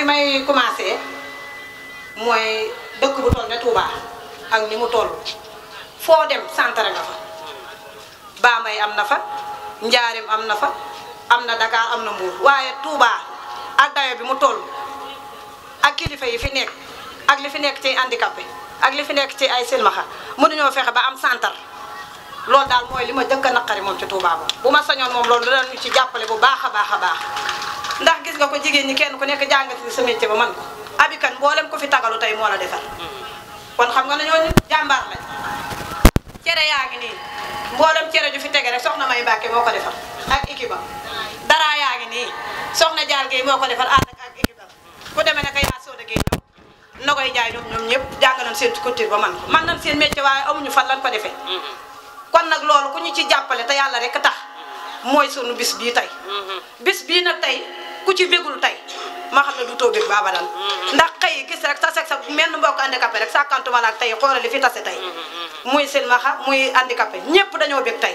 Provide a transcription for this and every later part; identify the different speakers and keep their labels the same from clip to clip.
Speaker 1: fi may commencé mooy dëkk bu toll ne Touba ak ni mu toll foo dem santare nga fa Bambey am na fa Njaarim am na fa am na Dakar am na Mbuur waaye Touba ak dayo bi mu toll ak kilifa yi fi nekk ak li fi nekk ci handicapé ak li fi nekk ci ay silmaxa mënuñoo fexe ba am santar loolu daal mooy li ma jëkk naqari moom ci Touba bu ma sañoon moom loolu danañu ci jàppale bu baax a baax a baax ndax gis ga ko jigéen ñi kenn ku nekk jàngati sa métier ba man ko abikan mboolem ko fi tagalu tey moo la defal kon xam nga ne ñooñu jàmbaar lañ cere yaa ngi nii mboolem cere ju fi tege rek soxna May Mbàkke moo ko defal ak équipe am yaa ngi nii soxna Jaal Géey moo ko defal ànd ak équipe am demee ne ko yaa sooda Géey na koy jaay ñoom ñëpp jàng nañ seen culture ba man man nañ seen métier waaye amuñu fan lañ ko defee kon nag loolu ku ñu ci jàppale te yàlla rek tax mooy sunu bis bii tey mm-hmm. bis bii nag tey ku ci bégul tey ma xam ne du toog bég baaba dal mm-hmm. ndax xëy gis sa tase sa menn mbokk handicapé rek sàkkantuma laak tey xoolal li fi tase tey mm-hmm. muy silmaxa muy handicapé ñëpp dañoo bég tey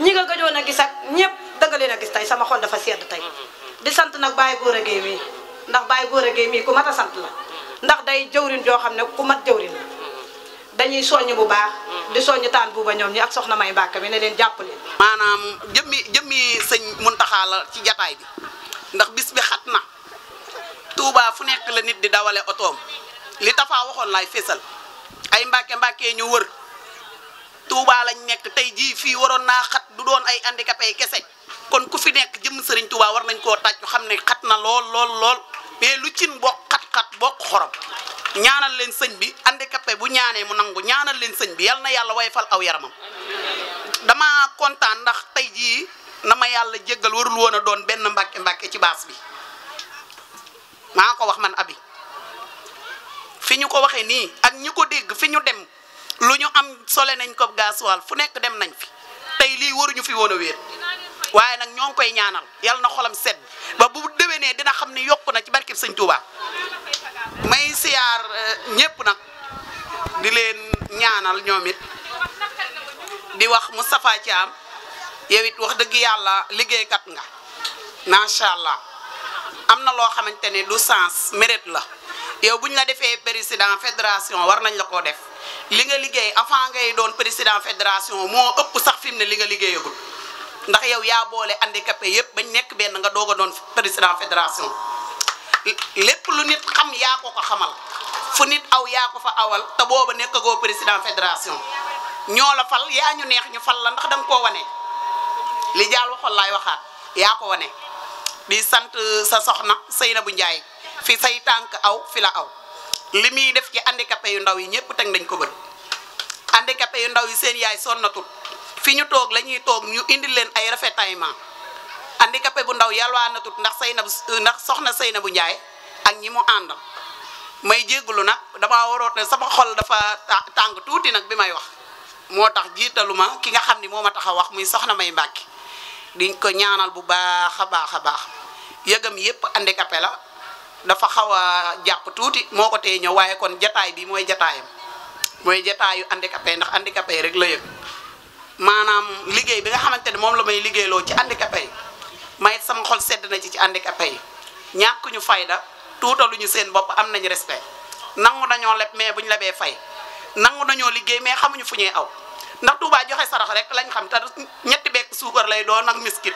Speaker 1: ñi nga gëjoon a gis ak ñëpp danga leen a gis tey sama xol dafa sedd tey di sant nag Baye a Gueye mii ndax Baye Gora Gueye mii ku mat a sant la ndax day jëwrin joo xam ne ku mat jëwrin dañuy soññ bu baax di soññ taan buuba ñoom ñi ak soxna may Mbàkke mi ne leen jàpp leen
Speaker 2: maanaam jëmmi jëmmi sëñ Muntaxa la ci jataay bi ndax bis bi xat na Touba fu nekk la nit di dawale otoom li tafaa waxoon laay fésal ay Mbàkke Mbàkke ñu wër Touba lañ nekk tey jii fii waroon naa xat du doon ay handicapé kese kon ku fi nekk jëmm sëriñ Touba war nañ ko tàccu xam ne xat na lool lool lool lu cin bokk xat-xat bokk xorom ñaanal leen sëñ bi handicapé bu ñaanee mu nangu ñaanal leen sëñ bi yal na yàlla way fal aw yaramam dama kontaan ndax tey jii na ma yàlla jéggal warul woon a doon benn mbàkke mbàkke ci baas bi maa ko wax man abi fi ñu ko waxee nii ak ñi ko dégg fi ñu dem lu ñu am sole nañ ko gaasuwaal fu nekk dem nañ fi tey lii waruñu fi woon a wéer waaye nag ñoo ngi koy ñaanal yal na xolam sedd ba bu déwénee dina xam ne yokku na ci barkeb sëñ Tuubaa may siyaar eh, ñëpp nag di leen ñaanal ñoom di wax Moustapha Thiam yow it wax dëgg yàlla liggéeykat nga macha allah am na loo xamante ne du sens mérite la yow bu ñu la defee président fédération war nañ la ko def li nga liggéey avant ngay doon président fédération moo ëpp sax fi ne li nga liggéeyagul ndax yow yaa boole handicapé yëpp bañ nekk benn nga doog a doon président fédération. lépp lu nit xam yaa ko xamal fu nit aw yaa ko fa awal te booba nekk nekkagoo président fédération ñoo la fal yaa ñu neex ñu fal la ndax danga koo wane li jaal lay laay waxaat yaa ko wane di sant uh, sa soxna bu njaay fi say tànk aw fi la aw li muy def ci handicapé yu ndaw yi ñëpp teg nañ ko bët handicapé yu ndaw yi seen yaay sonnatul fi ñu toog la ñuy toog ñu indil leen ay rafetaillement handicapé bu ndaw tut ndax Seynabu ndax soxna bu Njaay ak ñi mu àndal may jéggulu nag dama waroon ne sama xol dafa tàng tuuti nag bi may wax moo tax jiitalu ma ki nga xam ni moo ma tax a wax muy soxna May Mbàkke diñ ko ñaanal bu baax a baax a baax yëgam yëpp yépp handicapé la dafa xaw a jàpp tuuti moo ko tee ñëw waaye kon jataay bi mooy jataayam mooy jataayu handicapé ndax handicapé rek la yëg maanaam liggéey bi nga xamante ne moom la may liggéeyloo ci handicapé yi may sama xol sedd na ci ci handicapé yi ñàkk ñu fayda ñu seen bopp am nañu respect nangu nañoo leb mais la lebee fay nangu nañoo liggéey mais xamuñu fu ñuy aw ndax Touba joxe sarax rek lañ xam te ñetti beeg suukar lay doon ak miskit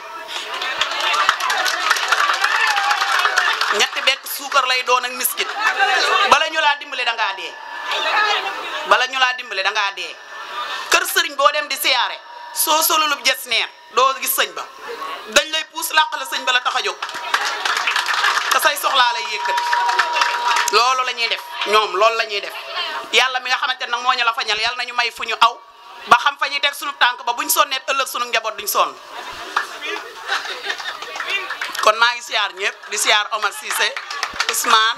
Speaker 2: ñetti beeg suukar lay doon ak miskit bala ñu laa dimbale da ngaa dee bala ñu laa dimbale da ngaa dee kër sëriñ boo dem di siyaare. soo solulub jes neer doo gis sëñ ba dañ lay puus làq la sëñ ba la tax a jóg te say soxlaa lay yëkkati loolu la ñuy def ñoom loolu la ñuy def yàlla mi nga xamante nag moo ñu la fañal yàlla ñu may fu ñu aw ba xam fa ñuy teg sunu tànk ba bu buñ sonnee ëllëg sunu njaboot duñu sonn kon maa ngi siyaar ñëpp di siyaar Omar Cissé Ousmane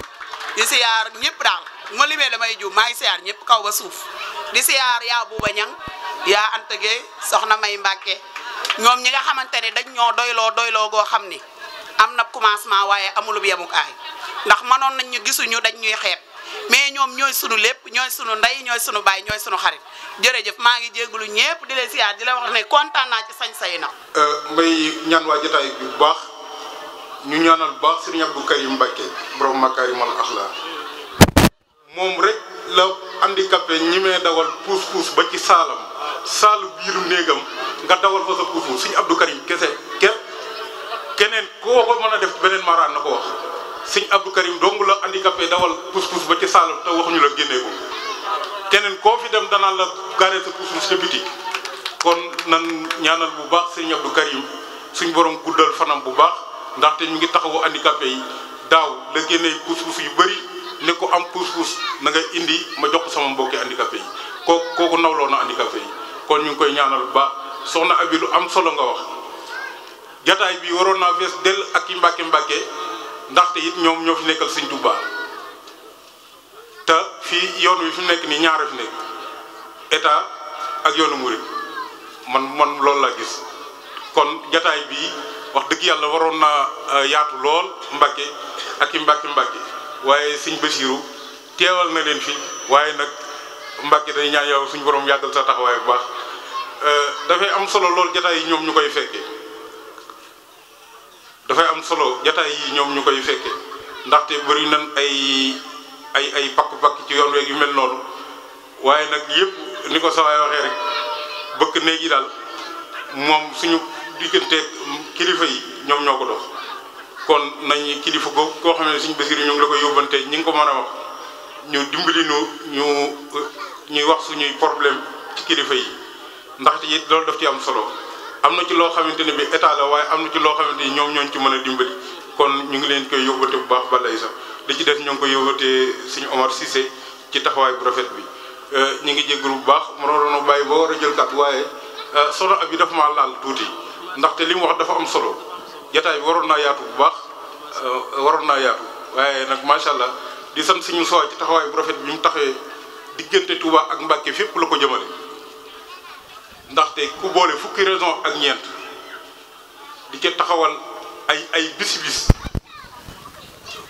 Speaker 2: di siyaar ñëpp daal ma limee damay juum maa ngi siyaar ñëpp kaw ba suuf di siyaar yaa buuba ñang yaa antagee soxna May Mbàkke ñoom ñi nga xamante ne dañ ñoo doyloo doyloo goo xam ni am na commencement waaye amulub yemukaay ndax mënoon nañ ñu gisuñu dañ ñuy xeeb mais ñoom ñooy sunu lépp ñooy sunu ndey ñooy sunu baay ñooy sunu xarit jërëjëf maa ngi jégalu ñëpp di leen siyaar di la wax ne kontaan naa ci sañ-say na.
Speaker 3: Euh, mbay ñaan waa jotaay bi baax ñu ñaanal bu baax Serigne yu Karim Mbacke borom Makarimal Akhlaq moom rek la handicapé ñi mee dawal puus puus ba ci saalam saalu biiru néegam nga dawal fa sa kuufu sëñ Abdou Karim kese kenn keneen koo ko mën a def beneen maaraan na ko wax sëñ Abdou Karim dong la handicapé dawal pousse-pousse ba ci saalam te waxuñu la génnee ko keneen koo fi dem danaan la garé sa pousse-pousse ca biti kon nan ñaanal bu baax sëñ Abdou Karim suñ borom guddal fanam bu baax ndaxte ñu ngi taxawu handicapé yi daaw la génnee pousse-pousse yu bëri ne ko am pousse-pousse na nga indi ma jox ko sama mbokki handicapé yi kooku kooku nawloo na handicapé yi kon ñu ngi koy ñaanal bu baax soxna abi lu am solo nga wax jataay bi waroon naa fees dell ak i mbàkke mbàkke ndaxte it ñoom ñoo fi nekkal sëñ Touba te fii yoon wi fi nekk nii ñaara fi nekk état ak yoonu murid man man loolu laa gis kon jataay bi wax dëgg yàlla waroon naa euh, yaatu lool mbàkke ak i mbàkke mbàkke waaye sëñ Basiru teewal na leen fi waaye nag mbàkke day ñaan yow suñu borom yàggal sa taxawaay bu baax Euh, dafay am solo lool jataay yi ñoom ñu koy fekkee dafay am solo jataay ñoom ñu koy fekkee ndaxte bëri nañ ay ay ay pakk-pakk ci yoon weeg yu mel noonu waaye nag yëpp ni ko sawaay waxee rek bëkk néeg daal moom suñu digganteeg kilifa yi ñoom ñoo ko dox kon nañ kilifa ko koo xam ne suñu Basiru ñu ngi la koy yóbbante ñu ngi ko mën a wax ñu dimbali ñu ñu ñuy wax suñuy problème ci kilifa yi ndaxte it loolu daf ci am solo am na ci loo xamante ne bi état waaye am na ci loo xamante ni ñoom ñooñ ci mën a dimbali kon ñu ngi leen koy yóbbate bu baax balay sax li ci def ñoo ngi koy yóbbatee suñu Omar Cissé ci taxawaay bu rafet bi euh, ñu ngi jégalu bu baax mënoon a bàyyi ba war a jël kàddu waaye euh, solo ab yi dafa maa tuuti ndaxte li mu wax dafa am solo jataay bi waroon naa yaatu bu baax euh, waroon na yaatu waaye nag macha allah di sant suñu sooy ci taxawaay bu rafet bi mu taxawee diggante Touba ak Mbacke fépp la ko jëmale. ndaxte ku boole fukki raison ak ñeent di ko taxawal ay ay bisi bis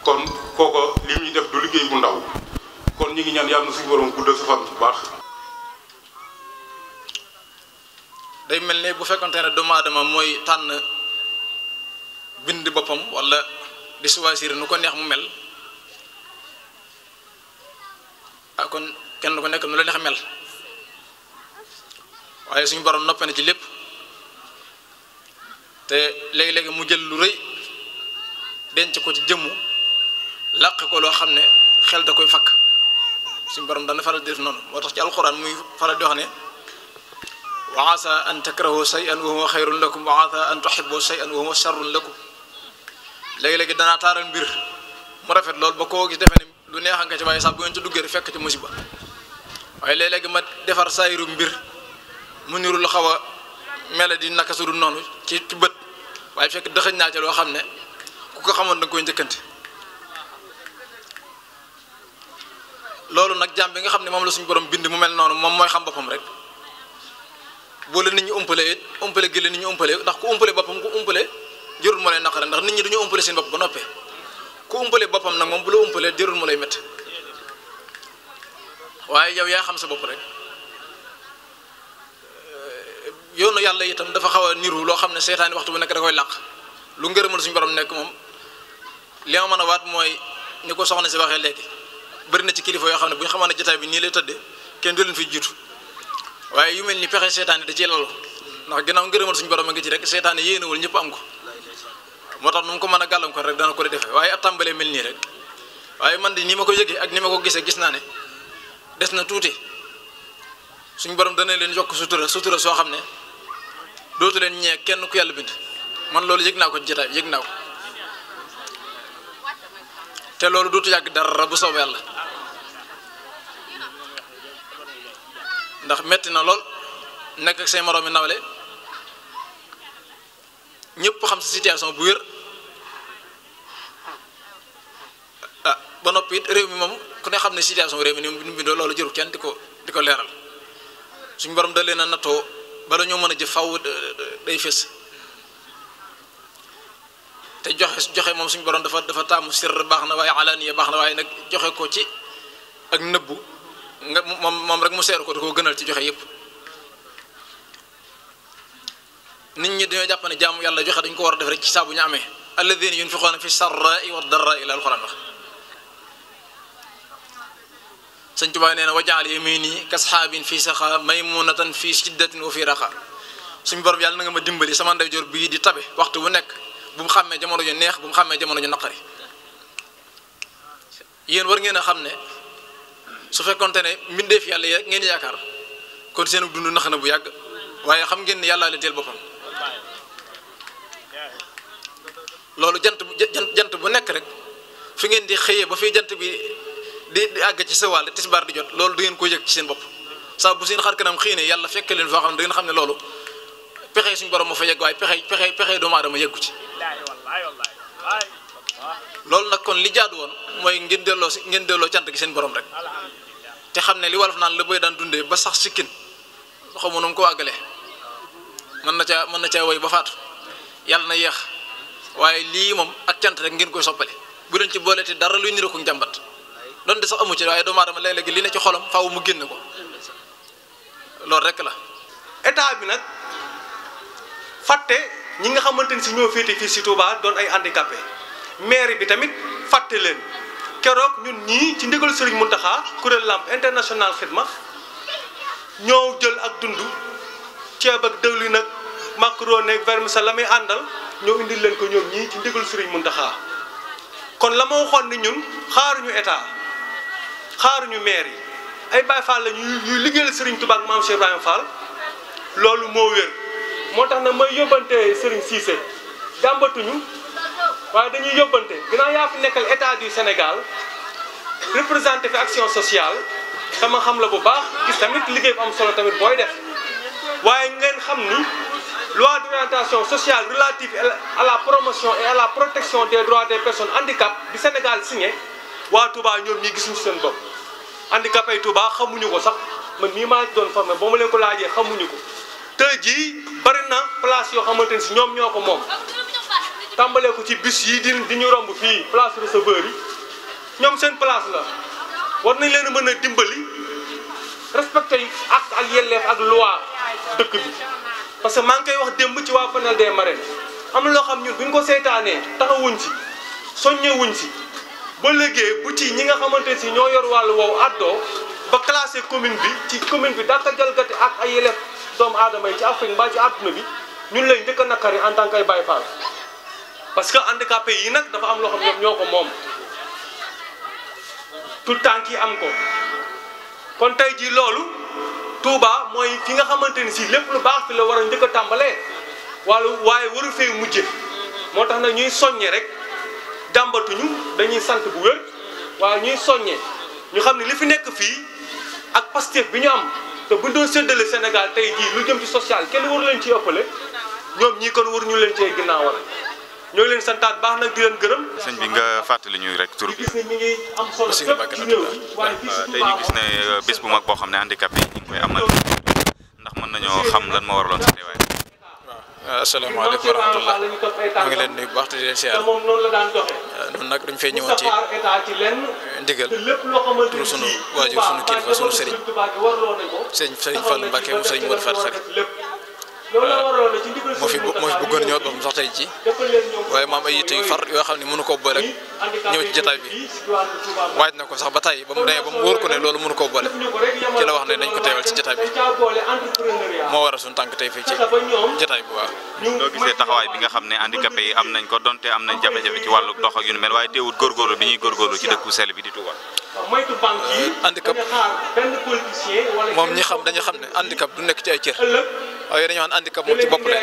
Speaker 3: kon kooko li muy def du liggéey bu ndaw kon ñu ngi ñaan yàlla na si borom guddal sa fan bu baax
Speaker 4: day mel ni bu fekkonte ne doomu mooy tànn bind boppam walla di choisir nu ko neex mu mel ah kon kenn ku nekk nu la neex mel waaye suñu baroon noppee ci lépp te léegi-léegi mu jël lu rëy denc ko ci jëmmu làq ko loo xam ne xel da koy fakk suñu borom dana faral di def noonu moo tax ci alxuraan muy faral di wax ne wa asa an takrahu shay'an wa huwa xayrun lakum wa asa an tuhibbu shay'an wa huwa sharrun lakum léegi-léegi danaa taaral mbir mu rafet lool boo ko gis defee ne lu neexan nga ci waaye sax bu ngeen ci fekk rek fekk ci musiba waaye léeg-léegi ma defar saayiru mbir mu niru lu xaw a mel di naka sudul noonu ci ci bët waaye fekk dëxëñ naa ca loo xam ne ku ko xamoon danga koy njëkkanti loolu nag jàmm bi nga xam ne moom la suñu borom bind mu mel noonu moom mooy xam boppam rek boo la nit ñi umpalee it umpale gi la nit ñi umpale ndax ku umpale boppam ku umpale jërul mu lay naqare ndax nit ñi duñu umpale seen bopp ba noppee ku umpale boppam nag moom bu la umpalee jërul mu lay métti waaye yow yaa xam sa bopp rek yoonu yàlla itam dafa xaw a niru loo xam ne seytaani waxtu bu nekk da koy làq lu ngërëmal suñ borom nekk moom li ma man a waat mooy ni ko soxna si waxee léegi bëri na ci kilifa yoo xam ne bu ñu xamoon ne jotaay bi nii lay tëdd kenn du leen fi jiitu waaye yu mel ni pexe seytaane da ciy lalo ndax ginnaaw ngërëmal suñu borom a ngi ci rek seytaane yéenewul ñëpp am ko moo tax nu mu ko mën a gàllankoor rek dana ko di defee waaye ab tàmbalee mel nii rek waaye man de ni ma ko yëgee ak ni ma ko gisee gis naa ne des na tuuti suñu borom dana leen yokk sutura sutura soo xam ne dootu leen ñee kenn ku yàlla bind man loolu yëg naa ko jotaay yëg naa ko te loolu dootu yàgg dara bu soob yàlla ndax metti na lool nekk ak say moroomi nawle ñëpp xam si situation bu wér ah ba noppi it réew mi moom ku ne xam ne situation réew mi ni mu bindoo loolu jëru kenn di ko di ko leeral suñu borom da leen a nattoo bala ñoo mën a jëf faw day fés te joxe joxe moom suñu baroon dafa dafa taamu sirr baax na waaye alaaniya baax na waaye nag joxe ko ci ak nëbbu nga moom moom rek mu seeru ko da koo gënal ci joxe yépp nit ñi dañoo jàpp ne jaamu yàlla joxe dañ ko war a def rek ci saa bu ñu amee alladina yunfiqoona fi sarrai wa darrai la alquran wax sëñ Tuubaa nee na wajaal yamiini kasxaabin fii saxaa maymunatan fii shiddatin wa fii raxaa suñu borom yàlla na nga ma dimbali sama ndeyjoor bii di tabe waxtu bu nekk bu mu xàmmee jamono ju neex bu mu xàmmee jamono ju naqari yéen war ngeen a xam ne su fekkonte ne mbindeef yàlla ngeen yaakaar kon seen dund nax bu yàgg waaye xam ngeen yàlla la leen teel boppam loolu jant bu jant bu nekk rek fi ngeen di xëyee ba fi jant bi. di di àgg ci sa wàll tisbaar di jot loolu du ngeen ko yëg ci seen bopp saa bu seen xar kanam xii ne yàlla fekk leen foo xam ne da ngeen xam loolu pexe suñu borom ma fa yegg waaye pexe pexe pexe doomu aadama yeggu ci loolu nag kon li jaadu woon mooy ngeen delloo si ngeen delloo cant gi seen borom rek te xam ne li wolof naan la booy daan dundee ba sax sikkin xamu nu mu ko àggalee mën na caa mën na caa woy ba faatu yàlla na yeex waaye lii moom ak cant rek ngeen koy soppale bu leen ci booleeti dara luy niroo ko njàmbat doon de sax amu ci waaye doomu aadama léeg-léegi li ne
Speaker 5: ci xolam faaw mu génn ko loolu rek la état bi nag fàtte ñi nga xamante ni si ñoo féete fii si Touba doon ay handicapé maire bi tamit fàtte leen keroog ñun ñii ci ndigal Serigne Mountakha kuréel lamp international xidma ñoo jël ak dund ceeb ak dëwlin ak macaroni ak vermicelle la àndal ñoo indi leen ko ñoom ñii ci ndigal mun Mountakha kon la ma waxoon ni ñun xaaruñu état. xaaruñu maire yi ay Baye Fall la ñuy ñuy liggéeyal Serigne Touba ak maam Cheikh Ibrahima Fall loolu moo wér moo tax na may yóbbante Serigne Cissé jàmbatuñu waaye dañuy yóbbante ginnaaw yaa fi nekkal état du Sénégal représenté fi action sociale sama xam la bu baax gis tamit liggéey bu am solo tamit booy def waaye ngeen xam ni loi d'orientation sociale relative à la promotion et la protection des droits des personne handicapées bi Sénégal signé waa Touba ñoom ñi gisuñu seen bopp. handicapé tu Touba xamuñu ko sax man mii maa doon na ba ma leen ko laajee xamuñu ko tey jii bari na place yoo xamante ni si ñoom ñoo ko moom tàmbalee ko ci bis yi di di ñu romb fii place receveur yi ñoom seen place la war nañ leen mën a dimbali respecté ak ak yelleef ak loi dëkk bi parce que maa ngi koy wax démb ci waa Faneuil des Marènes am na loo xam ñu bu ko seetaanee taxawuñ ci soññewuñ ci ba léegi bu ci ñi nga xamante si ñoo yor wàllu woowu àddoo ba classé commune bi ci commune bi daaka jalgati ak ay yelef doomu aadama yi ci Afrique mbaa ci àdduna bi ñun lay njëkk a nakari en tant que ay Baye Fall parce que handicapé yi nag dafa am loo xam ñoom ñoo ko moom tout temps yi am ko kon tey jii loolu Touba mooy fi nga xamante ni si lépp lu baax fi la war a njëkk a tàmbalee wàllu waaye waru fee mujje moo tax na ñuy soññe rek jàmbatuñu dañuy sant bu wér waaye ñuy soññe ñu xam ne li fi nekk fii ak Pastef bi ñu am te bu doon séddale Sénégal tey jii lu jëm ci social kenn waru leen ci ëppale ñoom ñii kon waruñu leen cee ginnaawal ñoo leen santaat baax nag di leen gërëm. sëñ bi
Speaker 6: nga fàttali ñuy rek tur bi.
Speaker 5: Bassirou Mbacké Abdoulaye tey ñu gis ne
Speaker 6: euh, bés bu mag boo xam ne handicapé yi ñu koy amal ndax mën nañoo xam lan moo waraloon sa teewaay. Euh, asalaamaaleykum wa
Speaker 5: rahmatullah maa ngi
Speaker 6: leen nuyu bu baax di leen siyaar euh,
Speaker 5: noonu
Speaker 4: nag dañ fee ñëwoon ci
Speaker 5: ndigal pour sunu waajur sunu kilifa sunu sëriñ sëriñ Fallou Mbacke mu sëriñ Modou Fatou Khary moo fi moo
Speaker 4: fi bëggoon ñëwaat boppam sax tey ji waaye maam ay yitte yu far yoo xam ne mënu koo boole ak ñëw bi waaj na ko sax ba tey ba mu demee ba mu wóor ko ne loolu mënu koo
Speaker 6: boole ci la wax ne nañ
Speaker 5: ko teewal ci jataay bi
Speaker 6: moo war a suñu tànk tey fii ci jataay bi waaw. loo gisee taxawaay bi nga xam ne handicapé yi am nañ ko donte am nañ jafe-jafe ci wàllu dox ak yu ni mel waaye teewut góorgóorlu bi ñuy góorgóorlu ci dëkku sel bi di Touba.
Speaker 5: handicap moom ñi
Speaker 4: xam dañu xam ne handicap du nekk ci ay cër waaye yooyu dañoo xam ne handicap moom ci bopp la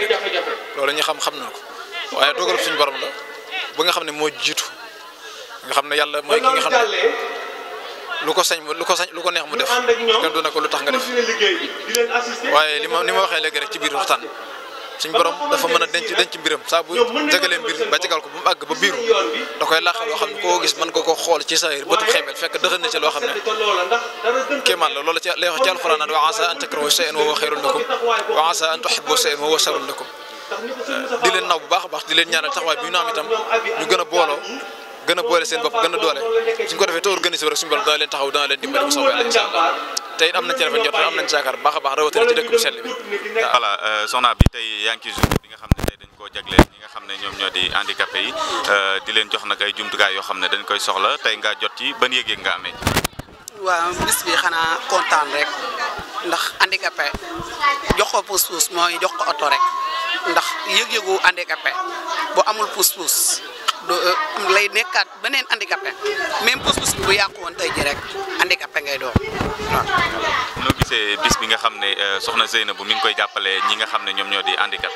Speaker 4: loolu ñu xam xam na ko waaye dogal suñu borom la ba nga xam ne moo jiitu nga xam ne yàlla mooy ki nga xam ne lu ko sañ lu ko sañ lu ko neex mu def kenn du ne ko lu tax nga def
Speaker 5: waaye li ma ni ma waxee
Speaker 4: léegi rek ci biir waxtaan suñ borom dafa mën a denc denc mbiram saa bu jagalee mbir ba jagal ko bu mu àgg ba biiru da koy laaxal loo xam ne koo gis man nga ko xool ci saayir bëtub xeebel fekk dëxën na loo xam
Speaker 5: ne
Speaker 4: kéemaan la loolu ci lay wax ci alxuraan naan wa asa an takrahu shay'an wa huwa khayrun lakum wa asa an tuhibbu shay'an wa huwa sharrun lakum di leen naw bu baax a baax di leen ñaanal taxawaay bi ñu am itam ñu gën a booloo gën a boole seen bopp gën a doole suñ ko defee te organisé rek suñu borom dana leen taxaw dana leen dimbali bu
Speaker 6: am na ci rafet njort am nañ ci yaakaar baax a baax rawatina ci dëkk
Speaker 5: euh,
Speaker 6: bi tey yaa bi nga xam ne tey dañ koo jagleel ñi nga xam ne ñoom ñoo di handicapé euh, di leen jox nag ay jumtukaay yoo xam ne dañ koy soxla tey nga jot ci ban yëg-yëg nga
Speaker 2: xanaa kontaan rek ndax handicapé jox ko pousse-pousse mooy jox ko oto rek ndax yëg-yëgu handicapé bu amul pousse-pousse Euh, lay nekkaat beneen handicapé même pousse-pousse bu yàqu woon tey ji rek handicapé ngay doon waaw.
Speaker 6: noo gisee bis bi nga xam ne euh, soxna Seynabou mi ngi koy jàppale ñi nga xam ne ñoom ñoo di handicapé.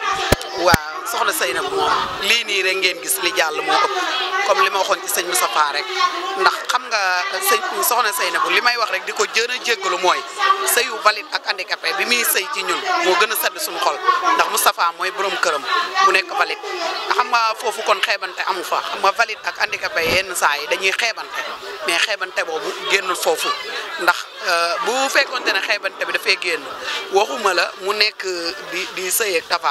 Speaker 2: waaw soxna Seynabou moom lii nii rek ngeen gis li jàll moo ëpp comme li ma waxoon ci sëñ Moustapha rek ndax xam nga euh, sëñ soxna Seynabou li may wax rek di ko jën a jéggalu mooy sëyu valide ak handicapé bi muy sëy ci ñun moo gën a sedd suñu xol ndax Moustapha mooy borom këram mu nekk valide xam nga foofu kon xeebante amu fa. fois xam nga valide ak handicapé yenn saa yi dañuy xeebante mais xeebante boobu génnul foofu ndax euh, bu fekkonte ne xeebante bi dafay génn waxuma la mu nekk euh, di di sëy ak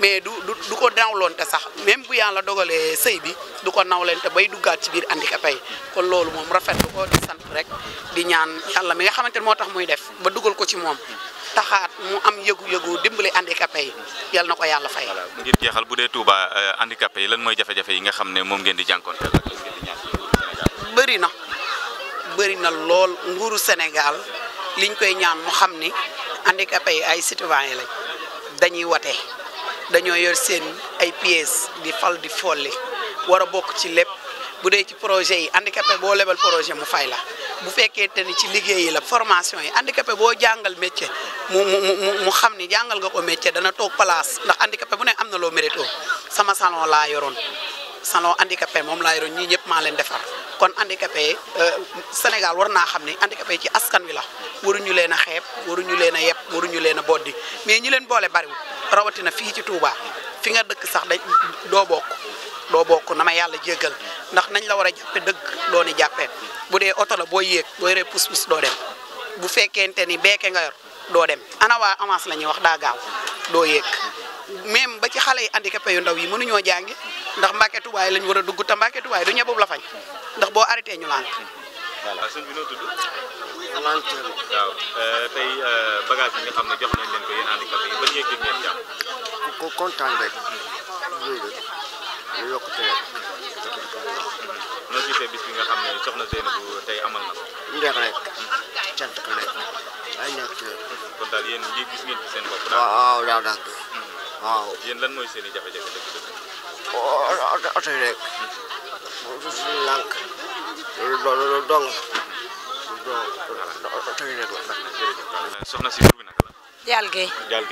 Speaker 2: mais du du du ko nawloonte sax même bu yàlla dogalee sëy bi du ko nawlente bay du duggaat ci biir handicapé yi kon loolu moom rafetlu ko di sant rek di ñaan yàlla mi nga xamante ne moo tax muy def ba dugal ko ci moom taxaat mu am yëgu-yëgu dimbali handicapé yi yal na ko yàlla fay.
Speaker 6: ngir jeexal bu dee Touba euh, handicapé yi lan mooy jafe-jafe yi nga xam ne moom ngeen di jànkonteel ak
Speaker 2: ngeen na bëri na lool nguuru senegaal liñ koy ñaan mu xam ni handicapé yi ay citoyen lañ dañuy wate dañoo yor seen ay pièces di fal di folli war bokk ci lépp. bu dee ci projet yi handicapé boo lebal projet mu fay la bu fekkee te ni ci liggéey la formation yi handicapé boo jàngal métier mu mu mu mu xam ni jàngal nga ko métier dana toog place ndax handicapé bu ne am na loo mérite sama salon laa yoroon salon handicapé moom laa yoroon ñii ñëpp maa leen defar kon handicapé euh, Sénégal war naa xam ni handicapé ci askan wi la waruñu leen a xeeb waruñu leen a yeb waruñu leen a boddi mais ñi leen boole bari rawatina fi ci Touba fi nga dëkk sax da doo bokk. doo bokk na ma yàlla jéggal ndax nañ la war a jàppe dëgg dooni jàppee bu dee oto la boo yéeg boo yoree pus-pus doo dem bu fekkente ni beeke nga yor doo dem ana waa avance la ñuy wax daa gaaw doo yéeg même ba ci xale yi handicapé yu ndaw yi mënuñoo jàngi ndax Mbàkke Tubaay lañ war a dugg te Mbàkke Tubaay du ñebub la fañ ndax boo arrêté ñu lànk
Speaker 6: voilà ah, lu yokk ci noo gisee bis bi nga xam ne soxna Seynabou tey amal na ko.
Speaker 2: ndeex rek cant ko rek ay ñàkk
Speaker 6: ci kon daal yéen ñi gis ngeen ci seen bopp. daal
Speaker 2: waaw waaw daal
Speaker 6: waaw. yéen lan mooy seen i jafe-jafe dëgg
Speaker 4: dëgg. oto yi rek.
Speaker 1: suñu lànk
Speaker 6: loolu loolu dong. loolu dong oto yi rek la. soxna si tur bi nag. Dial Guèye Dial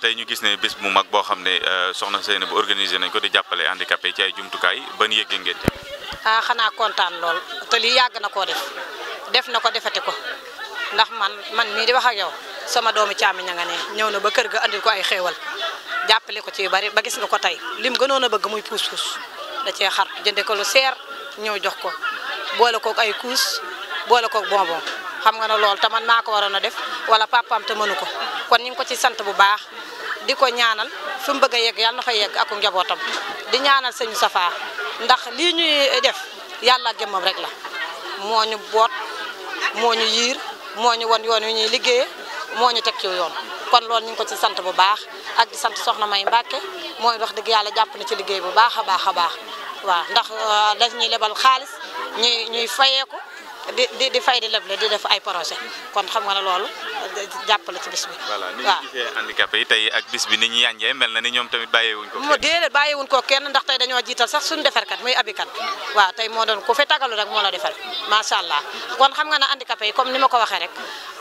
Speaker 6: tey ñu gis ne bis mu mag boo xam ne euh, soxna Seyna bu organisé nañ ko di jàppale handicapé yi ci ay jumtukaay ban yëg ngeen jàpp.
Speaker 1: ah xanaa kontaan lool te lii yàgg na koo def def na ko defati ko ndax man man mii di wax ak yow sama doomu caami ña nga ne ñëw na ba kër ga andil ko ay xéewal jàppale ko ci yu bari ba gis nga ko tey lim gënoon a bëgg muy puus-puus da cee xar jënde ko lu seer ñëw jox ko boole ko ay kuus boole kook bonbon. xam nga ne loolu te man maa ko waroon a def wala papaam te mënu ko kon ñu ngi ko ci sant bu baax di ko ñaanal fi mu bëgg a yegg yàlla na fa yegg ak njabootam di ñaanal sëñ Safa ndax lii ñuy def yàlla jëmmam rek la moo ñu boot moo ñu yiir moo ñu won yoon wi ñuy liggéeye moo ñu teg ci yoon kon loolu ñu ngi ko ci sant bu baax ak di sant soxna May Mbàkke mooy wax dëgg yàlla jàpp na ci liggéey bu baax a baax a baax waaw ndax euh, dañ ñuy lebal xaalis ñuy fayeeku di di di fay di leble di def ay projet kon xam nga ne loolu jàppale ci bis bi.
Speaker 6: voilà ni ñu gisee handicapé yi tey ak bis bi ni ñu mel na ni ñoom tamit bàyyeewuñ ko.
Speaker 1: mu déedéet bàyyeewuñ ko kenn ndax tey dañoo jiital sax suñu defarkat muy abikat waaw tey moo doon ku fi tagalu rek moo la defal macha allah kon xam nga ne handicapé yi comme ni ma ko waxee rek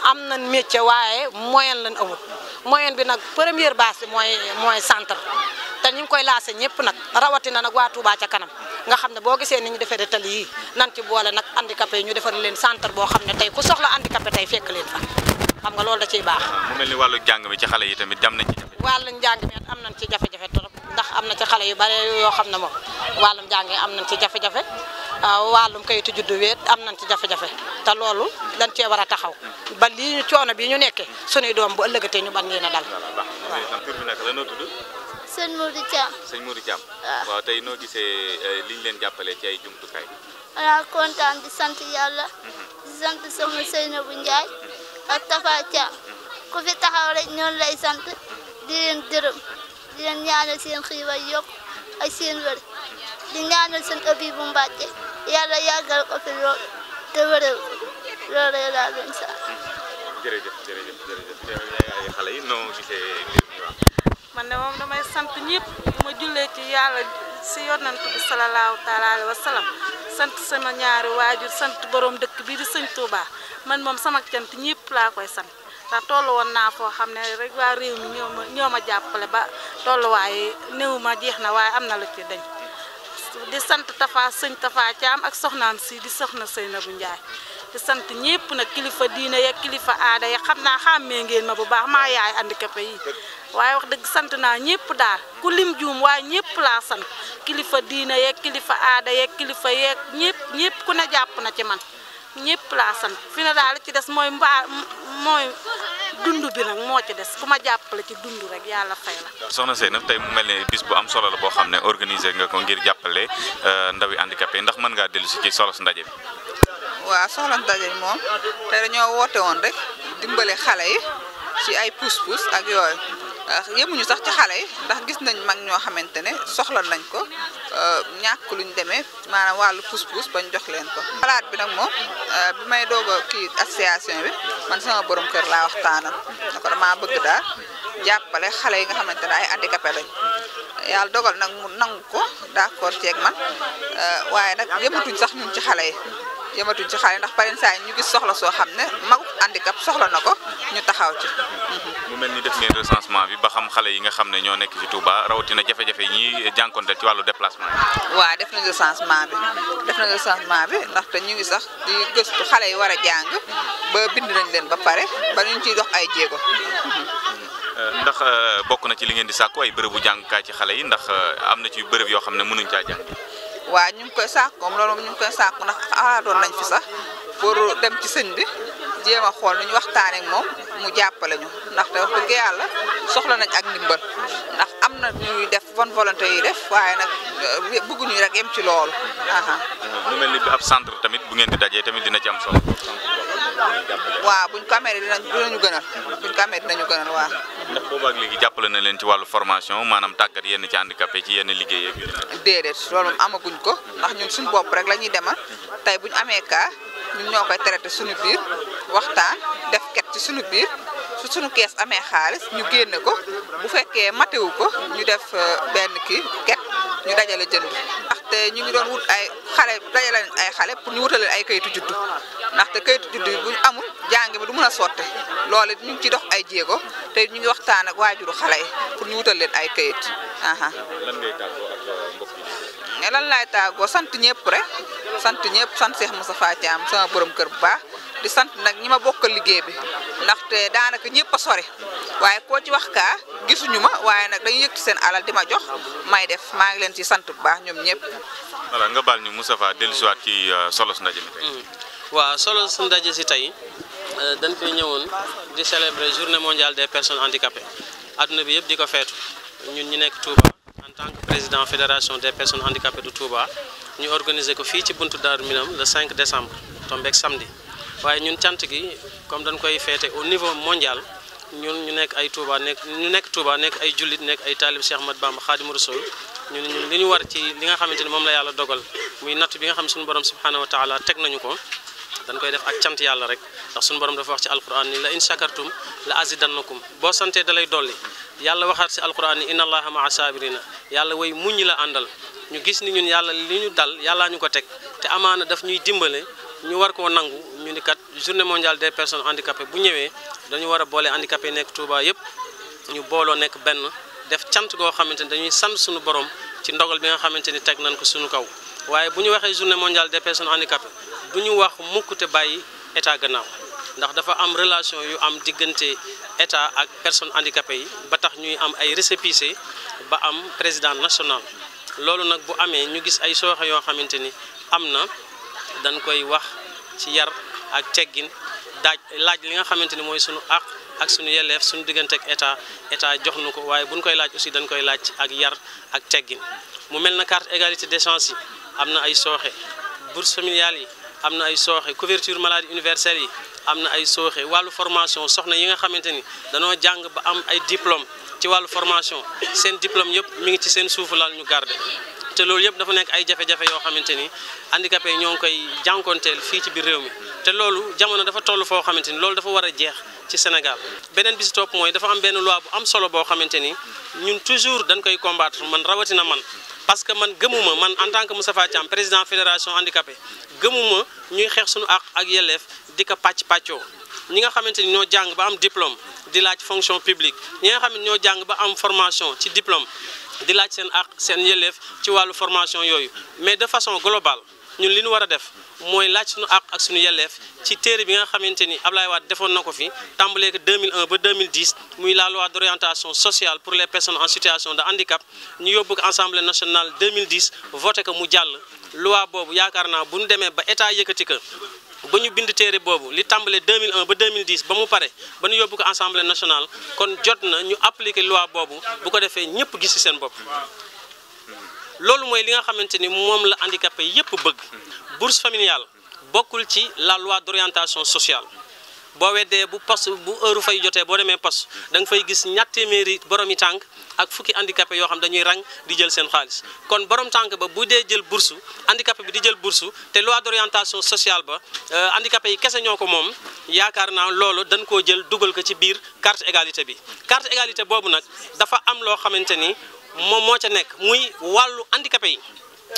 Speaker 1: am na métier waaye moyen lañ amul moyen bi nag première base mooy centre. te ñu ngi koy laase ñëpp nag rawatina nag waa Touba ca nga xam ne boo gisee ni ñu defee tali yii nan ci boole nag handicapé yi ñu defar leen centre boo xam ne tey ku soxla handicapé tay fekk leen fa xam nga loolu da ciy baax. mu
Speaker 6: mel ni wàllu jàng mi ci xale yi tamit am nañ ci jafe-jafe.
Speaker 1: wàllu am nañ ci jafe-jafe trop ndax am na ci xale yu bare yoo xam ne moom wàllum jàng yi am nañ ci jafe-jafe ah, wàllum kayitu juddu weet am nañ ci jafe te loolu dañ cee war a taxaw ba lii coono bi ñu nekke sunuy doom bu ëllëgatee ñu ban leen a dal.
Speaker 2: sëñ Modou Thiam.
Speaker 6: sëñ Modou Thiam. waaw ah. waaw tey noo gisee eh, li ñu leen jàppale ci ay jumtukaay.
Speaker 2: xanaa kontaan di sant yàlla. Mm-hmm. di sant soxna Seynabou Ndiaye. Mm-hmm. ak Tafa Thiam. Mm-hmm. ku fi taxaw rek ñoom lay sant. di leen gërëm. di leen ñaanal sen xiiway yokk ak seen wër. di ñaanal seen abi bu yàlla yàggal ko fi lool te laa doon sant. man ne
Speaker 1: moom damay sant ñëpp bu ma ci yàlla si yonant bi salallaahu taala wa salaam sant sama ñaari waajur sant boroom dëkk bii di sëñ Touba man moom sama cant ñëpp laa koy sant ndax tollu woon naa foo xam ne rek waa réew mi ñoo ma jàppale ba tolluwaay néew ma jeex na waaye am na lu ci dañ di sant Tafa sëñ Tafa Thiam ak soxnaam sii di soxna sëy Seynabou njaay di sant ñëpp nag kilifa diina ya kilifa aada ya xam naa xàmmee ngeen ma bu baax maa yaay handicapé yi waaye wax dëgg sant naa ñëpp daal ku lim juum waaye ñëpp laa sant kilifa diina yeeg kilifa aada yeeg kilifa ye ñëpp ñëpp ku ne jàpp na ci man ñëpp la sant fi na daal ci des mooy mbaa mooy dund bi nag moo ci des ku ma jàppale ci dund rek yàlla fay la.
Speaker 6: soxna Seynab tey mu mel ne bis bu am solo la boo xam ne organiser nga ko ngir jàppale euh, ndawi handicapé ndax mën ngaa dellu si ci solo ndaje bi.
Speaker 7: waaw soxla ndaje moom te dañoo woote woon rek dimbale xale yi ci ay pousse-pousse ak yooyu yemuñu sax ci xale yi ndax gis nañ mag ñoo xamante ne soxla nañ ko euh, ñàkk luñ demee maanaam wàllu pousse-pousse bañ jox leen ko. xalaat bi nag moom euh, bi may doog a kii association bi man sama borom kër laa waxtaanal da ko damaa bëgg daal jàppale xale yi nga xamante ne ay handicapé lañ. yàlla dogal nag mu nangu ko d'accord ceeg man euh, waaye nag yëmatuñ sax ñun ci xale yi. yëmatuñ ci xale ndax parents saa yi ñu gis soxla soo xam ne magu handicap soxla na ko ñu taxaw ci.
Speaker 6: mu mel ni def ngeen recensement bi ba xam xale yi nga xam ne ñoo nekk ci Touba rawatina jafe-jafe yi ñuy jànkonteel ci wàllu déplacement yi.
Speaker 7: waaw def nañ recensement bi def nañ recensement bi ndaxte ñu ngi sax di gëstu xale yi war a jàng ba bind nañ leen ba pare ba ñu ciy dox ay jéego.
Speaker 6: ndax euh, bokk na ci li ngeen di sàkku ay bërëbu jàngukaay ci xale yi ndax euh, am na ci bërëb yoo xam ne mënuñ caa jàng.
Speaker 7: waaw ñu ngi koy sàkk moom loolu moom koy sàkk ndax xalaatoon nañ fi sax pour dem ci sëñ bi jéem a xool nu ñu waxtaanee ak moom mu jàppale ñu ndaxte wax dëgg yàlla soxla nañ ak ndimbal ndax am ñuy def bonne volonté yi def waaye nag euh, bëgguñu rek yem ci loolu.
Speaker 6: mu mel ni bi ab centre tamit bu ngeen di dajee tamit dina ci am solo.
Speaker 7: waaw buñ ko amee dinañ dinañu gënal buñ ko amee dinañu gënal
Speaker 6: léegi jàppale na leen ci wàllu formation maanaam tàggat yenn ci handicapé ci yenn liggéey yi.
Speaker 7: déedéet loolu amaguñ ko ndax ñun suñu bopp rek lañuy ñuy demal tey buñ amee cas ñun ñoo koy traité suñu biir waxtaan def ket ci suñu biir. su suñu kees amee xaalis ñu génne ko bu fekkee matewu ko ñu def euh, benn kii ket ñu dajale jënd ndaxte ñu ngi doon wut ay xale dajale ay xale pour ñu wutale ay kayitu juddu ndaxte kayitu juddu bu amul jàng bi du mën a sotte loolu ñu ngi ci dox ay jéego te ñu ngi waxtaan ak waajuru xale yi pour ñu wutal leen ay kayit. lan ngay tàggoo ak euh, sant ñëpp rek. sant ñëpp sant Cheikh Moustapha Thiam sama borom kër bu baax di sant nag ñi ma bokkal liggéey bi ndaxte daanaka ñëpp a sore waaye koo ci wax kaa gisuñu ma waaye nag dañu yëg seen alal di ma jox may def maa ngi leen ci sant bu baax ñoom ñëpp.
Speaker 6: voilà nga baal ñu Moustapha dellusiwaat ci euh, solo su ndaje mi
Speaker 8: hmm. waaw solo su ndaje si tey euh, dañ koy ñëwoon di célébrer journée mondiale des personnes handicapées adduna bi yëpp di ko feetu ñun ñu nekk Touba en tant que président fédération des personnes handicapées de Touba. ñu organiser ko fii ci buntu Daaru Minam le 5 décembre tombeek samedi waaye ñun cant gi comme dañ koy feete au niveau mondial ñun ñu nekk ay Touba nekk ñu nekk Touba nekk ay jullit nekk ay taalib Cheikh Ahmad Bamba Xaadimu Rasul ñun ñun li ñu war ci li nga xamante ni moom la yàlla dogal muy natt bi nga xam suñu borom subhanahu wa taala teg nañu ko dañ koy def ak cant yàlla rek ndax suñu borom dafa wax ci alquran ni la in shakartum la azidannakum boo santee dalay lay dolli yàlla waxaat si alquran ni inna allaha maa sabirina yàlla way muñ la àndal ñu gis ni ñun yàlla li ñu dal yàllaa ñu ko teg te amaana daf ñuy dimbale ñu war koo nangu ñu ni kat journée mondiale des personnes handicapées bu ñëwee dañu war a boole handicapé yi nekk Touba yëpp ñu booloo nekk benn def cant koo xamante ni dañuy sant suñu borom ci ndogal bi nga xamante ni teg nañ ko suñu kaw waaye bu ñu waxee journée mondiale des personnes handicapées du ñu wax mukk te bàyyi état gannaaw ndax dafa am relation yu am diggante état ak personne handicapé yi ba tax ñuy am ay récépissé ba am président national loolu nag bu amee ñu gis ay sooxe yoo xamante ni am na dañ koy wax ci yar ak teggin daaj laaj li nga xamante ni mooy suñu àq ak suñu yelleef sunu diggante ak état état jox nu ko waaye buñ koy laaj aussi dañ koy laaj ak yar ak teggin mu mel na carte égalité des chances yi am na ay sooxe bourse familiale yi am na ay sooxee couverture maladie universelle yi am na ay sooxee wàllu formation soxna yi nga xamante ni danoo jàng ba am ay diplôme ci wàllu formation seen diplôme yëpp mu ngi ci seen suufu laal ñu garde te loolu yëpp dafa nekk ay jafe-jafe yoo xamante ni handicapé ñoo ngi koy jànkonteel fii ci biir réew mi te loolu jamono dafa toll foo xamante ni loolu dafa war a jeex ci Sénégal beneen bi si mooy dafa am benn loi bu am solo boo xamante ni ñun toujours dañ koy combattre man rawatina man parce que man gëmuma man en tant que Moustapha Thiam président fédération handicapé gëmuma ñuy xeex suñu àq ak yelleef di ko pàcc pàccoo ñi nga xamante ni ñoo jàng ba am diplôme di laaj fonction publique ñi nga xam ne ñoo jàng ba am formation ci diplôme di laaj seen àq seen yelleef ci wàllu formation yooyu mais de façon global ñun li ñu war def mooy laaj suñu àq ak suñu yelleef ci téere bi nga xamante ni Ablaye waa defoon na ko fi tàmbalee ko 2001 ba 2010 muy la loi d'orientation sociale pour les personnes en situation de handicap ñu yóbbu ko assemblée nationale 2010 voté ko mu jàll loi boobu yaakaar na bu ñu demee ba état yëkkati ko ba ñu bind téere boobu li tàmbale 2001 ba 2010 ba mu pare ba ñu yóbbu ko assemblée nationale kon jot na ñu appliquer loi boobu bu ko defee ñëpp gis ci seen bopp loolu mooy li nga xamante ni moom la handicapé yépp bëgg bourse familiale bokkul ci la loi d'orientation sociale boo weddee bu poste bu heure fay jotee boo demee poste da nga fay gis ñatt téeméeri boromi tànk ak fukki handicapé yoo xam dañuy rang di jël seen xaalis kon borom tànk ba bu dee jël bourse handicapé bi di jël bourse te loi d'orientation sociale ba euh, handicapé yi kese ñoo ko moom yaakaar naa loolu dañ koo jël dugal ko ci biir carte égalité bi carte égalité boobu nag dafa am loo xamante ni moom moo ca nekk muy wàllu handicapé yi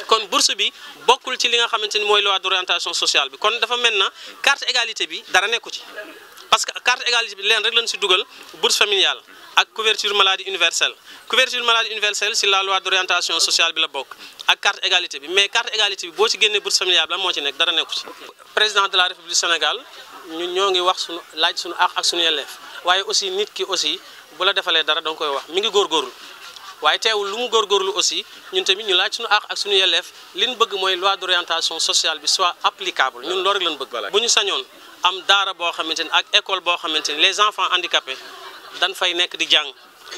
Speaker 8: kon bourse bi bokkul ci li nga xamante ni mooy loi d'orientation sociale bi kon dafa mel na carte égalité bi dara nekku ci parce que carte égalité bi leen rek lañ si dugal bourse familiale ak couverture maladie universelle couverture maladie universelle si la loi d'orientation sociale bi la bokk ak carte égalité bi mais carte égalité bi boo ci génnee bourse familiale la moo ci nekk dara nekku ci président de la république Sénégal ñun ñoo ngi wax suñu laaj suñu àq ak suñu yelleef waaye aussi nit ki aussi bu la defalee dara danga koy wax mi ngi góorgóorlu waaye teewul lu mu góorgóorlu aussi ñun tamit ñu laaj suñu àq ak suñu yelleef li ñu bëgg mooy loi d'orientation sociale bi soit applicable ñun loolu rek lañ bëgg bu ñu sañoon am daara boo xamante ni ak école boo xamante ni les enfants handicapés dañ fay nekk di jàng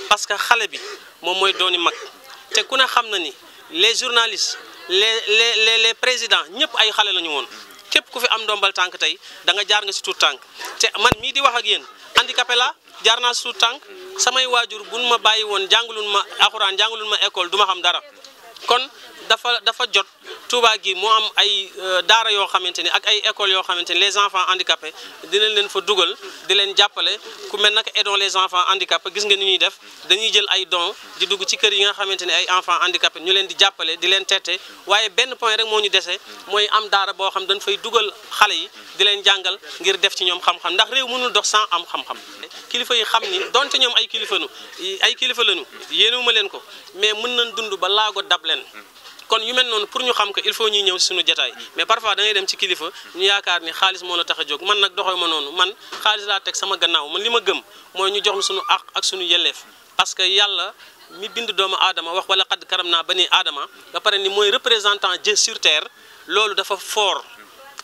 Speaker 8: parce que xale bi moom mooy dooni mag te ku ne xam na ni les journalistes les les les présidents ñëpp ay xale la ñu woon képp ku fi am ndombal tànk tey da nga jaar nga si tuut tànk te man mii di wax ak yéen handicapé la jaar naa si tuut tànk samay waajur buñ ma bàyyi woon jàngalun ma alxuraan jàngalun ma école duma xam dara kon dafa dafa jot Touba gi moo am ay euh, daara yoo xamante ni ak ay école yoo xamante ni les enfants handicapés dinañ leen fa dugal di leen jàppale ku mel nag aidons les enfants handicapés gis nga ni ñuy def dañuy jël ay don di dugg ci kër yi nga xamante ni ay enfants handicapés ñu leen di jàppale di leen tette waaye benn point rek moo ñu dese mooy am daara boo xam dañ fay dugal xale yi di leen jàngal ngir def ci ñoom xam-xam ndax réew mënul dox sans am xam-xam kilifa yi xam ni donte ñoom ay kilifa nu kilifa lañu yéenewuma leen ko mais mën nañ dund ba laago dab leen kon yu mel noonu pour ñu xam ko il faut ñuy ñëw suñu jataay mais parfois da dem ci kilifa ñu yaakaar ni xaalis moo la tax a jóg man nag doxee ma noonu man xaalis laa teg sama gannaaw man li ma gëm mooy ñu jox suñu àq ak suñu yelleef parce que yàlla mi bind doomu aadama wax wala xadd karam naa ba ni aadama ba pare ni mooy représentant Dieu sur loolu dafa foor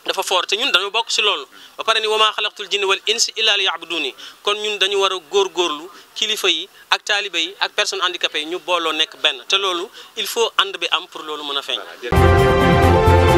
Speaker 8: dafa foor te ñun dañu bokk ci loolu ba pare ni wamaa xalaqtul jinni wal insi illa li yabuduni kon ñun dañu war a góorlu kilifa yi ak taalibe yi ak personnes handicapées yi ñu booloo nekk benn te loolu il faut ànd bi am pour loolu mën a feeñ